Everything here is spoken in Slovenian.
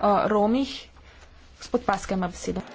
o Romih. Gospod Paske ima besedo.